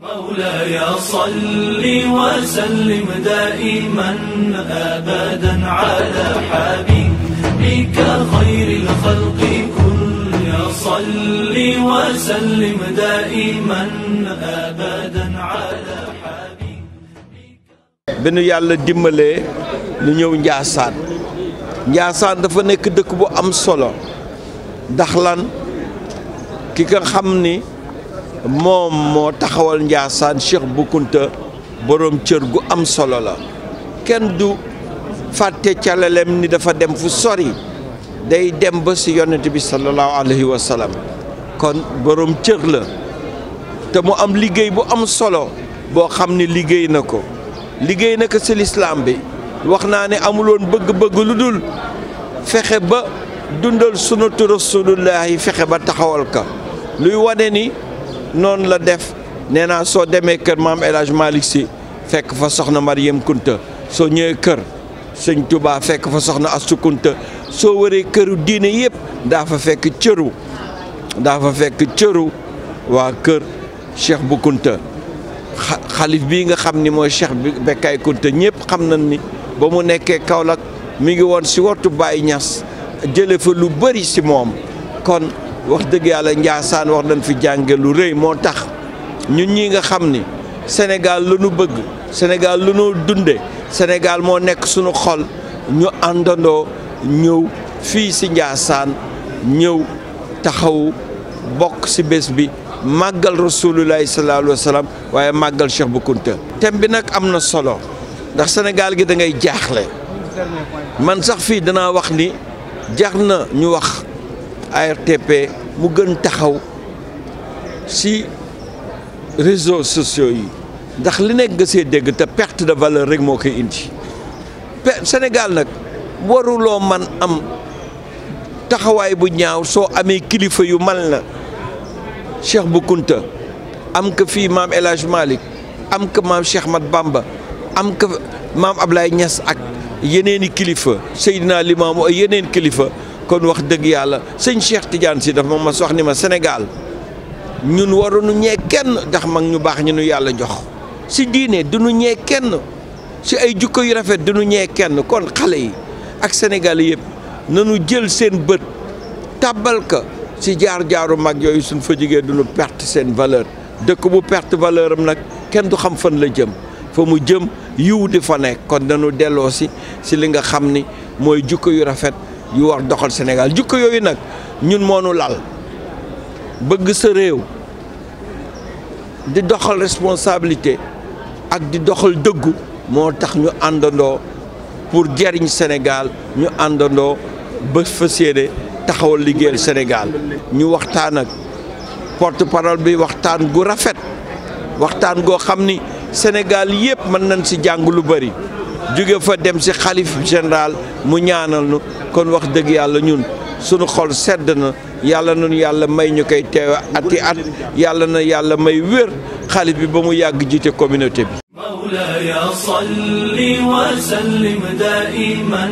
مولاي صل وسلم دائما ابدا على حبيبك خير الخلق يا صل وسلم دائما ابدا على حبيبك بن يالا ديمالي ني نيو نياسان نياسان دا فا نيك دك بو ام سولو داخلان كي كان خامني moom moo taxawal Ndiassane Cheikh Bou Kounta boroom cër gu am solo la kenn du fàtte calalem ni dafa dem fu sori day dem ba ci yonent bi sallallahu alayhi wa kon boroom cër la te mu am liggéey bu am solo boo xam ne liggéey na ko liggéey na ko si lislaam bi wax naa ne amuloon bëgg-bëgg lu dul fexe ba dundal sunnatu rasulullahi fexe ba taxawal ka luy wane ni noonu la def nee naa soo demee kër maam El Hadj Malick fekk fa soxna Mariam Kunta soo ñëwee kër sëñ Touba fekk fa soxna Astu Kunta soo wëree këru diine yépp daa fa fekk cëru daa fa fekk cëru waa kër Cheikh bu Kunta xalif bii nga xam ni mooy Cheikh bi Bekkaay Kunta ñëpp xam na ni ba mu nekkee Kaolack mi ngi woon si wotu Baye Niass jële fa lu bari si moom kon wax dëgg yàlla Njaasaan wax nañ fi jànge lu rëy moo tax ñu ñii nga xam ni Sénégal lu nu bëgg Sénégal lu nu dunde Sénégal moo nekk suñu xol ñu àndandoo ñëw fii si Njaasaan ñëw taxaw bokk ci bés bi màggal rasulullahi sallallahu alayhi wa waaye màggal Cheikh bu Kounta thème bi nag am na solo ndax Sénégal gi dangay ngay jaaxle man sax fii danaa wax ni jaax na ñu wax ARTP mu gën taxaw si réseaux sociaux yi ndax li nekk nga see dégg te perte de valeur rek moo koy indi Sénégal nag waruloo man am taxawaay bu ñaaw soo amee kilifa yu mal na Cheikh bu Kounta am ka fii maam El Hadj am ka maam Cheikh Mat Bamba am ka maam Ablaye Niass ak yeneeni kilifa Seydina Limaamu ay yeneen kilifa kon wax dëgg yàlla sëñ Cheikh Tidiane si dafa ma mas wax ni ma senegaal ñun waruñu ñee kenn ndax mag ñu baax ñu nu yàlla jox si diine duñu ñee kenn si ay jukko yu rafet duñu ñee kenn kon xale yi ak Sénégal yëpp nanu jël seen bët tàbbal ka si jaar-jaaru mag yooyu suñ fa du duñu perte seen valeur dëkk bu perte valeur am nag kenn du xam fan la jëm fa mu jëm yiw di fa nekk kon nanu delloo si si li nga xam ni mooy jukko yu rafet yu war doxal Sénégal jukko yooyu nag ñun moonu lal bëgg sa réew di doxal responsabilité ak di doxal dëggu moo tax ñu àndandoo pour jariñ Sénégal ñu àndandoo ba fas yéene taxawal liggéeyal Sénégal ñu waxtaan ak porte parole bi waxtaan gu rafet waxtaan goo xam ni Sénégal yépp mën nañ ci jàng lu bari jóge fa dem ci xalif général mu ñaanal nu kon wax deug yàlla ñun sunu xol sedd na yàlla nanu yàlla may ñukay koy ati at yàlla na yàlla may wér xaalis bi ba mu yag jité communauté bi مولاي صل وسلم دائما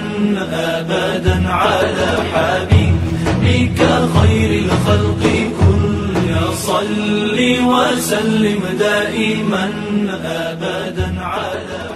ابدا على حبيبك خير الخلق كل صل وسلم دائما ابدا على